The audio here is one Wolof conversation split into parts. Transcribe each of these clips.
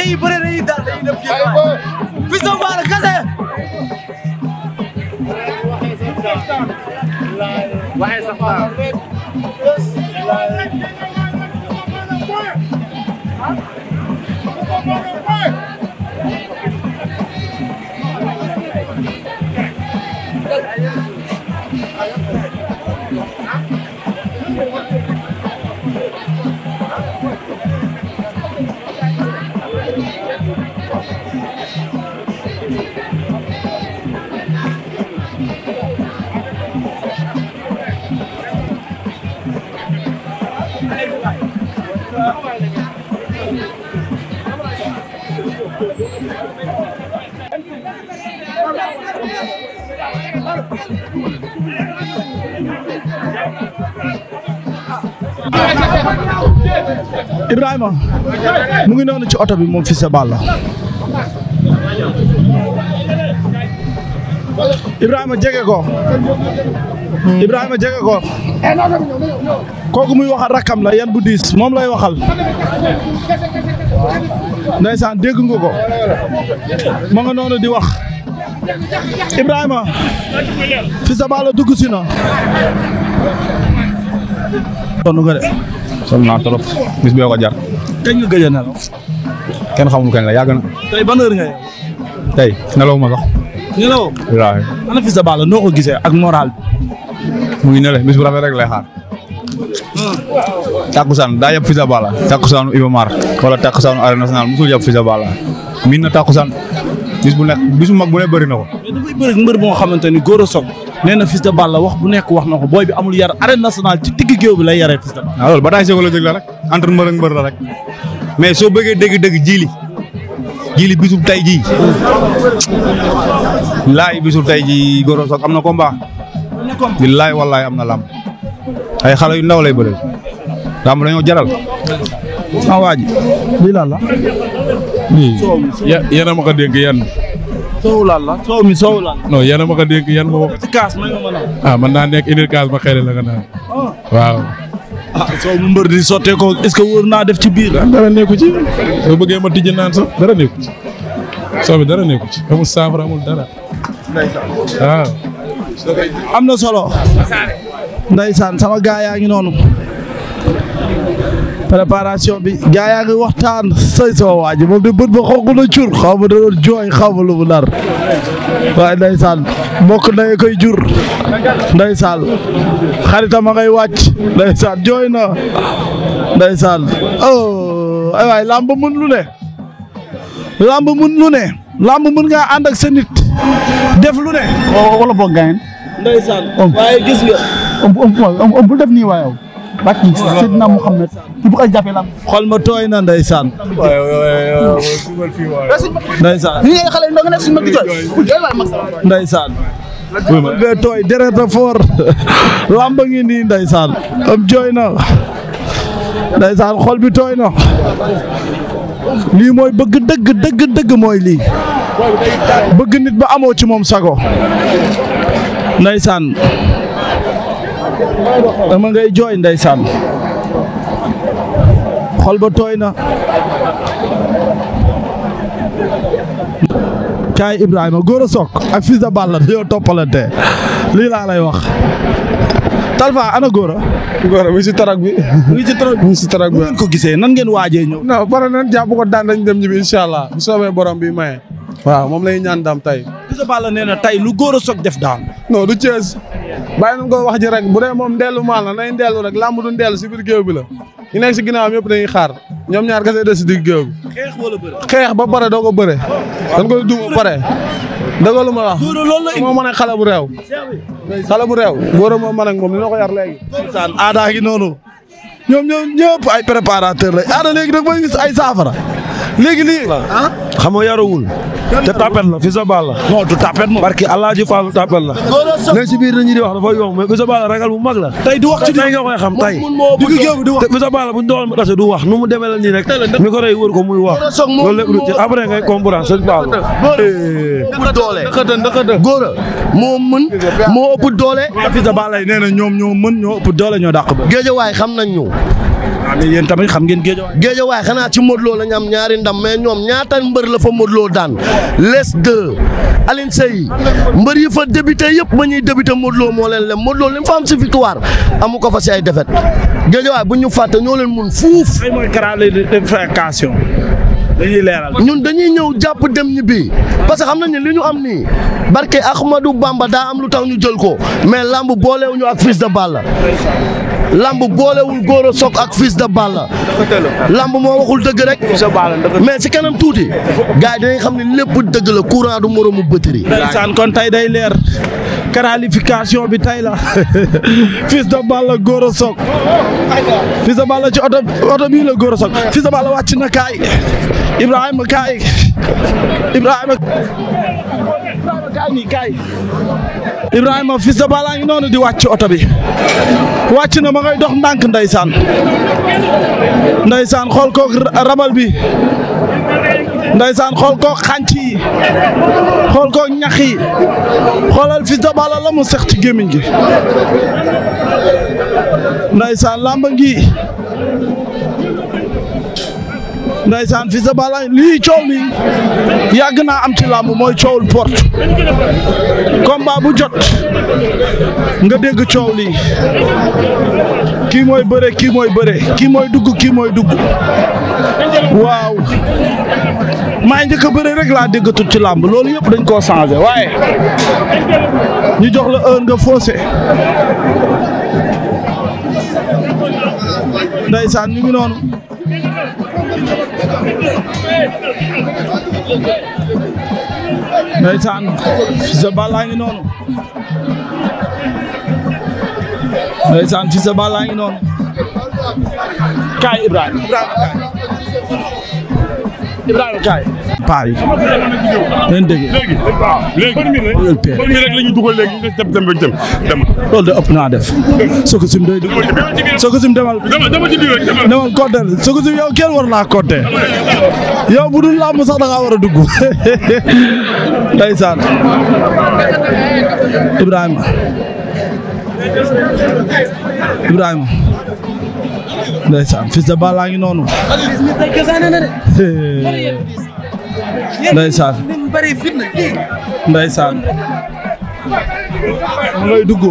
dañuy bëre dañuy dal dañuy dem géej waay Fils de Balla kase waxee sax Ibrahima mu ngi noonu ci oto bi moom Fils de Balla Ibrahima jege ko Ibrahima jege ko kooku muy waxal rakkam la yan bu diis moom lay waxal ndeysaan dégg nga ko ma nga noonu di wax Ibrahima Fils de Balla dugg si na sonn nga de trop bis bi ko kañ nga nelaw kenn xamul kañ la yàgg na tey nelaw ma sax nelaw wallaahi ana Fils de Balla noo ko gisee ak moral ngi nele bis bu rafet rek lay xaar takkusaan daa yab Fils de Balla wala takkusaanu Arène Nationale yab Fils miin na takkusaan bis bu nekk bis bu mag bu ne bëri na ko. mais dafay bëri mbër boo xamante ni góor a soog nee na Fils de Balla wax bu nekk wax na ko booy bi amul yar arène nationale ci digg lay yaree Fils de Balla. waaw ah, loolu ba taay seko la dëgg mais soo bëggee dëgg-dëgg jiili jiili bisub tay jii laay bisub tay jii góor soog am na combat. billaay wallaay am na lamb ay xale yu ndaw lay bëri lamb dañoo jaral. sama ah, waa yéen a ma ko dénk yan. soow laal la soow mi soow laal. non yéen a ma yan ma wax. naan. Ah, naa nekk indil kaas ma xëy la naan. Ah. waaw. ah mu mbër di sottee ko est-ce que wóor naa def ci biir. Ah, dara nekku ci soo bëggee ma tijji naan sax dara nekku ci soow bi dara nekku ci amul saafara amul dara. waaw. am na solo. ndeysaan sama gaa yaa ngi noonu. préparation bi gaa yaa ngi waxtaan say sama waa ji moom ba xonq na cur xaw ma da jooy xaw ma lu mu nar waaye ndeysaan mbokk koy jur ndeysaan xaritam a ngay wàcc ndeysaan jooy na ndeysaan oh ay waay làmb mën lu ne làmb mën lu ne làmb mën ngaa ànd ak def lu ne wala boog gayen ndeysaan def nii waaye bàkk Seydina Mouhamed ki bu ko xol ma tooy na ndeysaan ndeysaan ni nga xale tooy deret foor làmb ngi nii ndeysaan am jooy na ndeysaan xol bi tooy na lii mooy bëgg dëgg dëgg dëgg mooy lii bëgg nit ba amoo ci moom sago ndeysaan dama ngay jooy ndeysaan xol ba tooy na kaay Ibrahima Gora Sock ak Fils de Balla dañoo toppalante lii laa lay wax Talfa ana Gora Gora mu ngi si tarak bi mu ngi si tarak bi mu ngi si tarak bi ngeen ko gisee nan ngeen waajee ñëw non pare nan jàpp ko daan dañ dem ñibbi incha allah bu soobee borom bi maye waaw moom lay ñaan dam tay Fils de Balla nee na tay lu Gora Sock def daan non du Thiès bàyyi nañ ko wax ji rek bu dee moom ndellu maal na nay ndellu rek làmb du ndellu si biir géew bi la ñu nekk si ginnaawam yëpp dañuy xaar ñoom ñaar kese des si digg géew bi. xeex wala bëre. xeex ba pare doo ko bëre. dañ koy duma pare. dëgg lu ma wax moo mën a xale bu réew. xale bu ma góor moo mën ak moom dina ko yar léegi. aada gi noonu ñoom ñoom ñëpp ay préparateur la aada léegi nag mooy gis ay saafara. léegi nii ah. xam nga yarawul te tapet la Fils de Balla la. non du tapet moom. parce que Alaaji Fallu tapet la. léegi si biir nañu di wax na yomb mais Fils de Balla ragal bu mag la. tey di wax ci tey nga koy xam tey. te Fils de Balla la bu ñu doon rase du wax nu mu demee la rek. mi ko rey wër ko muy wax. loolu lépp lu ci après ngay comprendre sëñ Fallu. Eh. ëpp doole góor a moo mën moo ëpp doole. Fils de Balla yi nee na ñoom ñoo mën ñoo ëpp doole ñoo dàq ba. géejawaay xam nañ ñu mais yéen tamit xam ngeen géejawaay. géejawaay xanaa ci Modou Lo la ñu am ñaari ndam mais ñoom ñaata mbër la fa Modou daan les deux Alioune Seye mbër yi fa débuté yëpp ba ñuy débuté Modou Lo moo leen lem Modou Lo li am si victoire amu ko fa si ay défaite géejawaay bu ñu fàtte ñoo leen mun fuuf. ay mooy dañuy leeral ñun dañuy ñëw jàpp dem ñibbi parce que xam nañ ne li ñu am nii barke Ahmadou Bamba daa am lu tax ñu jël ko mais lamb ñu ak Fils de Balla lamb boolewul Gora Sock ak Fils de Balla làmb moo waxul dëgg rek mais si kanam tuuti gars yi xam ne lépp dëgg la courant du moromu bëtëri. ndeysaan kon tey day leer. qualification bi tay la Fils de Balla Gora Sock Fils de Balla ci oto oto bii la Gora Sock Fils de Balla wàcc na kaay Ibrahima kaay Ibrahima kaay Ibrahima Fils ngi noonu di wàcc oto bi wàcc na ma ngay dox ndànk ndeysaan ndeysaan xool kook rabal bi ndaysaan xool ko xànc yi xool ko ñax yi xoolal Fils de Balla la mu sex ci gémmiñ gi ndaysaan lamba ngi ndaysaan Fils de Balla lii coow li yàgg naa am ci làmb mooy coowul porte combat bu jot nga dégg coow li kii mooy bëre mooy bëre kii mooy dugg kii mooy dugg waaw maa njëkk a bëre rek laa déggatul ci làmb loolu yëpp dañ koo changé waaye ñu jox la heure nga ngi noonu ndeysaan Fils de Balla ngi noonu ndeysaan Fils de Balla Ibrahima kaay. paa yi. ngeen dégg. léegi léegi def. soo ko sim doy. soo ko demal. dama ci biir rek ko yow kenn war naa compter. yow bu dul làmb sax war a dugg. ndeysaan Ibrahima. ndeysaan Fils de Balla ngi noonu. ndeysaan. ndeysaan. mu ngay dugg.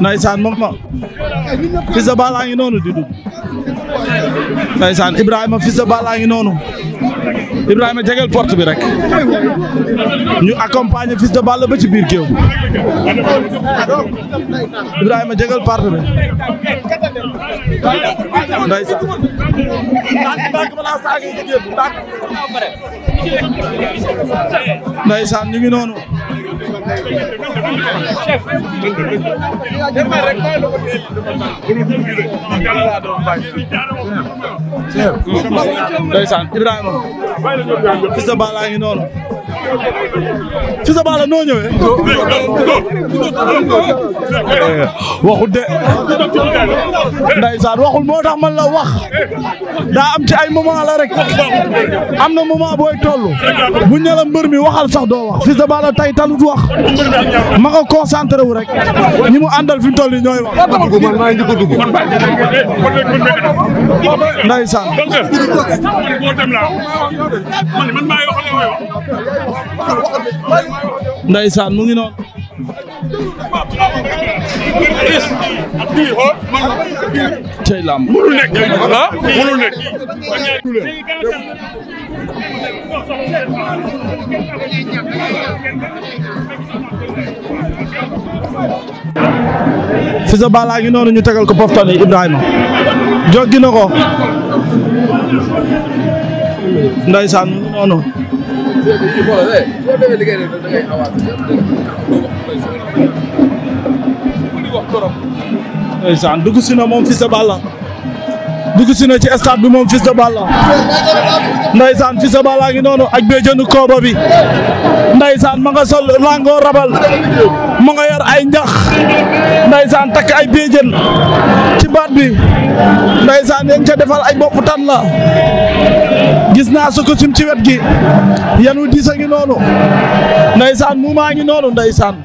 Ndeysaan moom ma Fils de Balla ngi noonu di dugg Ndeysaan Ibrahima Fils de Balla ngi noonu Ibrahima jegeel porte bi rek ñu accompagner Fils de Balla ba ci biir géew Ibrahima jegeel porte bi Ndeysaan Ndeysaan ñu ngi noonu ndeysaan Ibrahima fils de Balla ngi noonu fils de Balla noo ñëwee waxul de ndeysaan waxul moo tax man la wax daa am ci ay moment la rek am na moment booy toll bu ñala mbër mi waxal sax doo wax fils de tay talut wax ma ko concentré wu rek ñi mu àndal fi mu toll nii ñooy wax. ndeysaan. ndeysaan mu ngi noonu. tey lamb mënul nekk ah mënul nekk Fils de Balla noonu ñu tegal ko poftan yi Ibrahima joggi na ko ndeysaan noonu ndeysaan dugg si moom Fils dugg si ci stade bi moom Fils de Balla ndaysaan Fils de Balla ngi noonu ak bee jënd kooba bi ndaysaan ma nga sol lango rabal ma nga yor ay njax ndaysaan takk ay bee jën ci baat bi ndaysaan yéen ca defal ay bopp tan gis naa su ci wet gi yanu diis a ngi noonu ndaysaan mu ngi noonu ndaysaan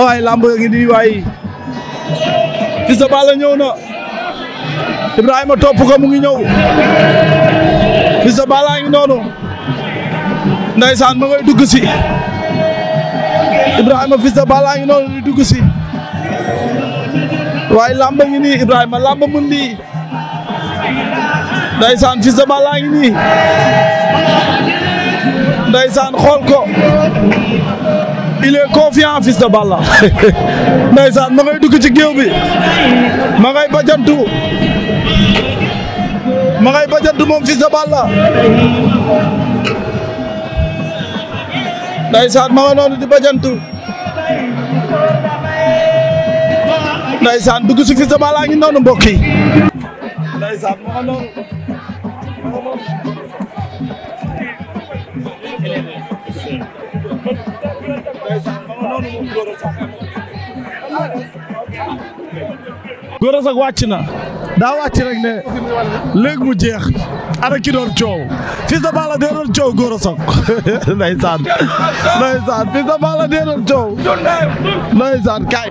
waay lamb ngi di waay Fils de na Ibrahima topp ko mu ngi ñëw Fils de Balla ngi noonu ndaysaan ma ngay dugg si a Fils de ngi noonu di dugg si waaye làmb ngi nii Ibrahima làmb mën nii ndaysaan Fils de Balla ngi nii ndaysaan xool il est confiant fils de Balla ndeysaan ma ngay dugg ci géew bi ma ngay bajantu ma moom fils de Balla ndeysaan ma nga noonu di bajantu ndeysaan dugg ci fils de ngi noonu mbokk Gora Sock wàcc na daa wàcc rek ne léegi mu jeex ara ki doon coow Fils de Balla dee doon coow Gora Sock ndeysaan ndeysaan Fils de Balla dee doon coow ndeysaan kaay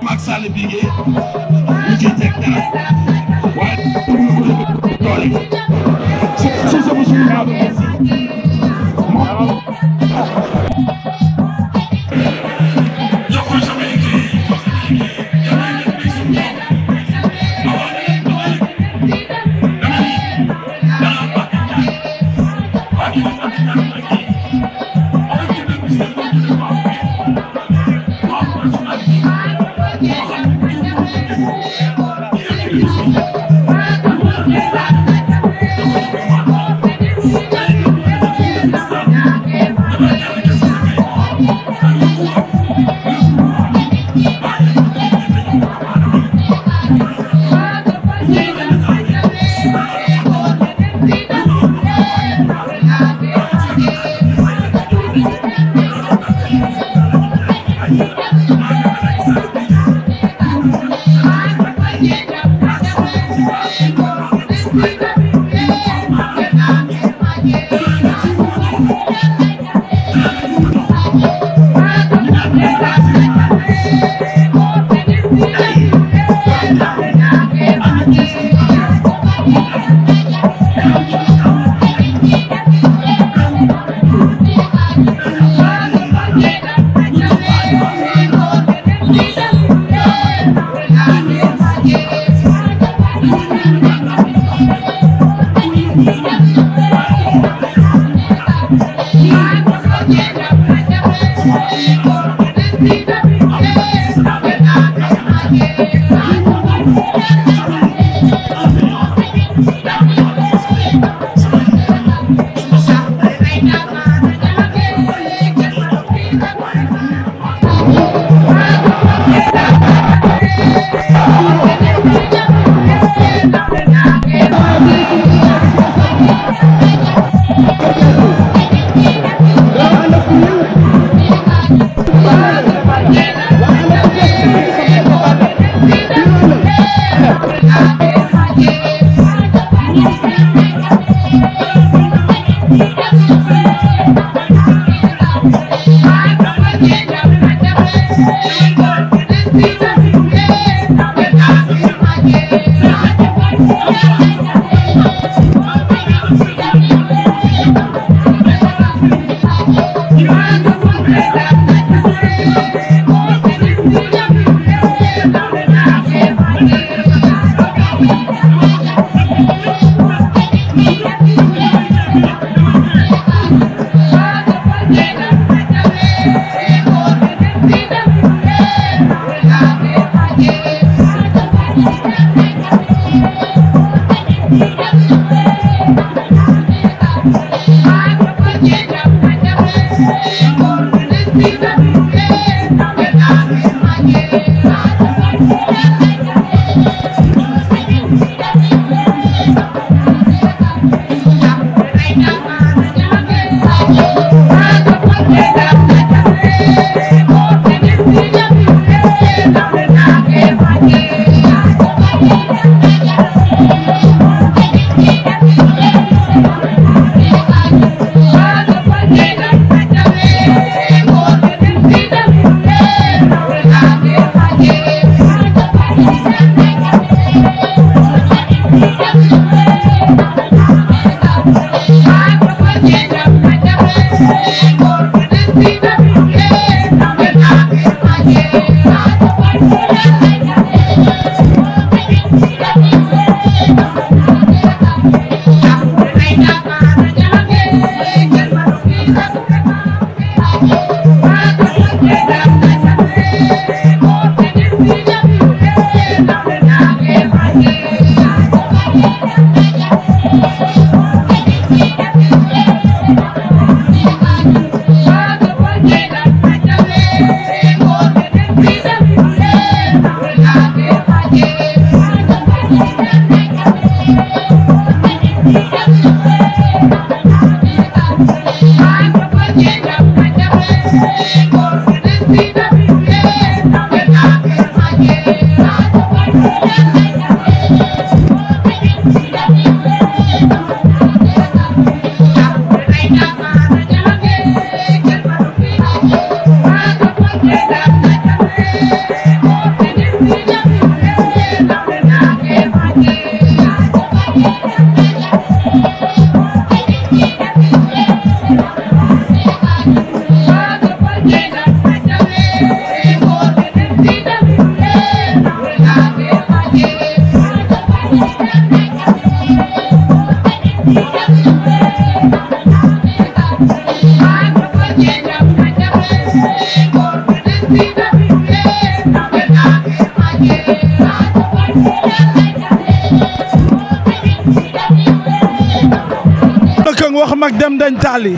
wax mag dem dañ taali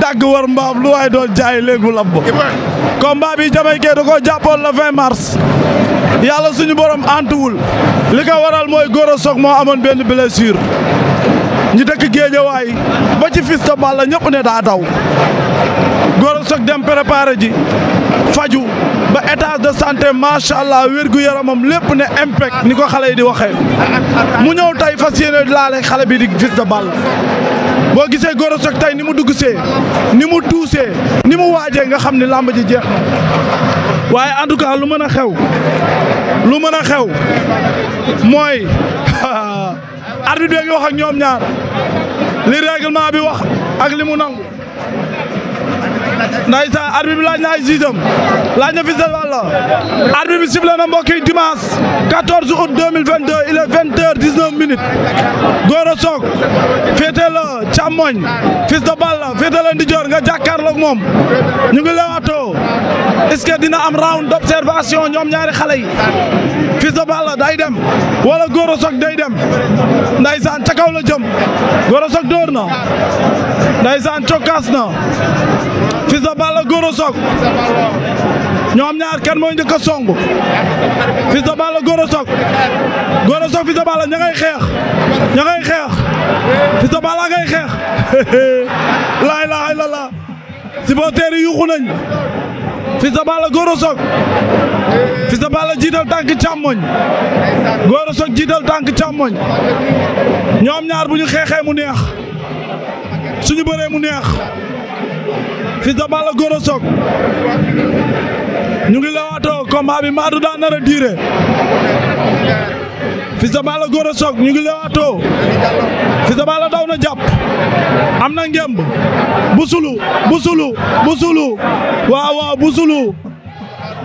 dagg war mbaam lu waaye doon jaay léegu lab ba combat bi jamaykee da koo jàppoon le 20 mars yàlla suñu boroom antuwul li ko waral mooy góor a soog moo amoon benn blessure ñu dëkk géejawaay ba ci Fils de Balla ne daa daw Gora Sock dem préparé ji faju ba état de santé macha allah wérgu yaramam lépp ne impact ni ko xale yi di waxee mu ñëw tey fas yéene laale xale bi di Fils de Balla boo gisee Gora Sock tey ni mu dugg see ni mu tuusee ni mu waajee nga xam ne làmb ji jeex na waaye en tout cas lu mën a xew lu mën a xew mooy arbitre bi ngi wax ak ñoom ñaar li règlement bi wax ak li mu nangu ndeysaan arbitre bi laaj na ay siisam laaj na Fils de Balla arbitre bi sifflé na mbokk yi dimanche 14 août 2022 il est 20 la càmmoñ la ndijoor nga jàkkaarloog moom ñu ngi lewaatoo est-ce que dina am round d'observation ñoom ñaari xale yi Fils de Balla day dem wala Gora Sock day dem ndeysaan ca kaw la jëm Gora Sock dóor na ndeysaan cokkaas na Fils de Balla Gora Sock ñoom ñaar kenn mooy njëkk a song Fils de Balla Gora Sock Gora Sock Fils de Balla ña ngay xeex ñagay xeex Fils de Balla ngay xeex laa ilaaha illallaah supporters yi yuuxu nañ Fils de Balla Gora Sock Fils de jiital tànk càmmooñ Gora jiital tànk càmmooñ ñoom ñaar bu ñu xeexee mu neex suñu bëree mu neex Fils de Balla Gora ñu ngi lewaatoo combat bi Madou daa nar a diire Fils de Balla Gora ñu ngi lewaatoo Fils de Balla daw na jàpp am na ngemb busulu busulu busulu waaw busulu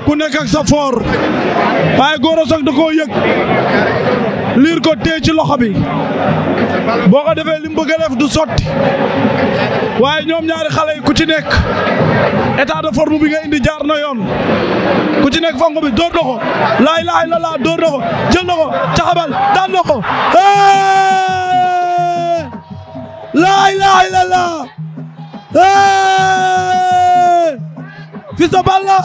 ku nekk ak sa foor waaye Gora Sock koo yëg liir ko téye ci loxo bi boo ko defee li mu bëgg a def du sotti waaye ñoom ñaari xale yi ku ci nekk état de forme bi nga indi jaar yoon ku ci nekk fango bi door na ko laa ilaaha illallaah door na ko jël na ko caxabal daan na ko laa ilaaha illallaah Fils de Balla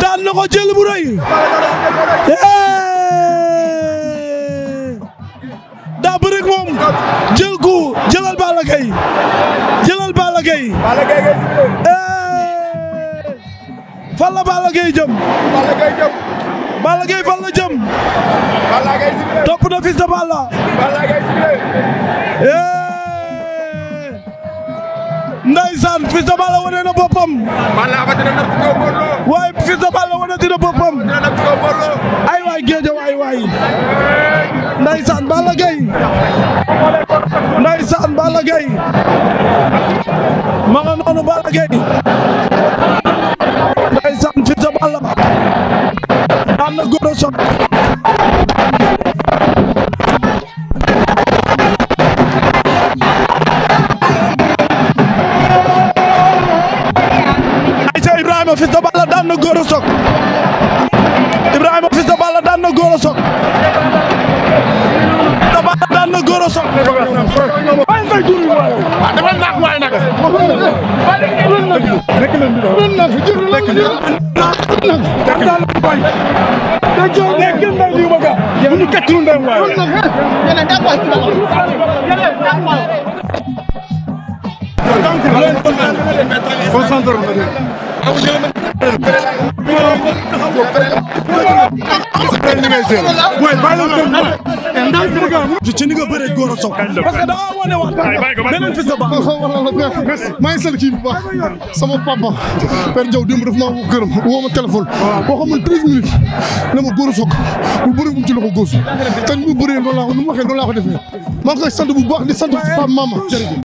daan ko jël bu naa bëri ak moom jël ko jëlal Balla Gaye jëlal Balla Gaye. Balla Gaye ngay jublu. Eh, fan la Balla Gaye jëm. topp na fils de Balla. Balla Gaye eh, wane na boppam. waaye Fils de Balla na boppam. ay waay géej waay waay. ndeysaan Balla Gaye ndeysaan Balla Gaye ma nga noonu Balla Gaye ndeysaan Fils de Balla am na góor a sot dëkk bi dëkk bi bay. dëkk bi ndaw lii ma gaa. bu ñu tëkk lu ndaw waaye. concentré na de. kenn li ngay séen. booy bàyyi la seen booy. ci ni nga bëree góor a soog. parce que sama papa. Père Diaw démb daf maa woo gërëm woo ma téléphone. boo xam ne treize minutes na a soog bu mu ci loxo góosu. nu mu waxee loolu laa ko defee sant bu baax di sant si Pape Mama jërëjëf.